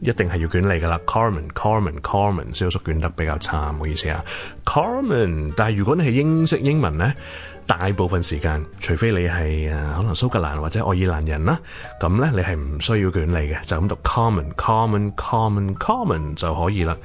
一定係要捲脷噶啦 Carmen Carmen Carmen 蕭叔捲得比較差，唔好意思啊 Carmen 但係如果你係英式英文呢，大部分時間，除非你係誒可能蘇格蘭或者愛爾蘭人啦，咁呢你係唔需要捲脷嘅，就咁讀 Carmen Carmen Carmen Carmen 就可以啦。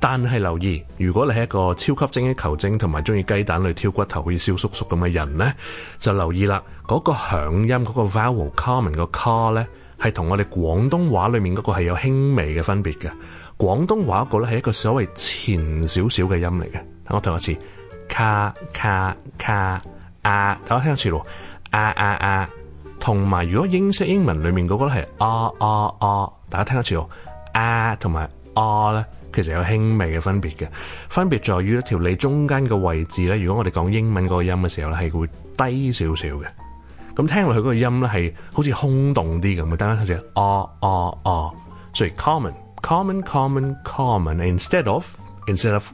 但係留意，如果你係一個超級精益求精同埋中意雞蛋裏挑骨頭，好似蕭叔叔咁嘅人呢，就留意啦，嗰個響音嗰個 vowel Carmen 個 car 呢。係同我哋廣東話裡面嗰個係有輕微嘅分別嘅。廣東話嗰個咧係一個所謂前少少嘅音嚟嘅。等我讀一次，卡卡卡，啊，大家聽一次咯，啊啊啊，啊。同埋如果英式英文裡面嗰個咧係啊啊啊，大家聽一次咯，啊同埋啊咧，其實有輕微嘅分別嘅。分別在於一條脷中間嘅位置咧。如果我哋講英文嗰個音嘅時候咧，係會低少少嘅。咁聽落去嗰個音咧係好似空洞啲咁嘅，大家睇住啊啊啊，所以 common common common common，instead of instead of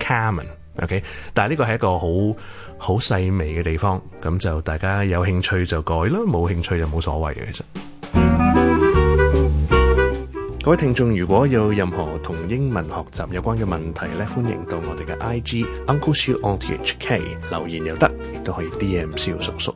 common，OK？、Okay? 但係呢個係一個好好細微嘅地方，咁就大家有興趣就改啦，冇興趣就冇所謂嘅。其實各位聽眾如果有任何同英文學習有關嘅問題咧，歡迎到我哋嘅 I G Uncle Shiu on T H K 留言又得，亦都可以 D M 蕭叔叔。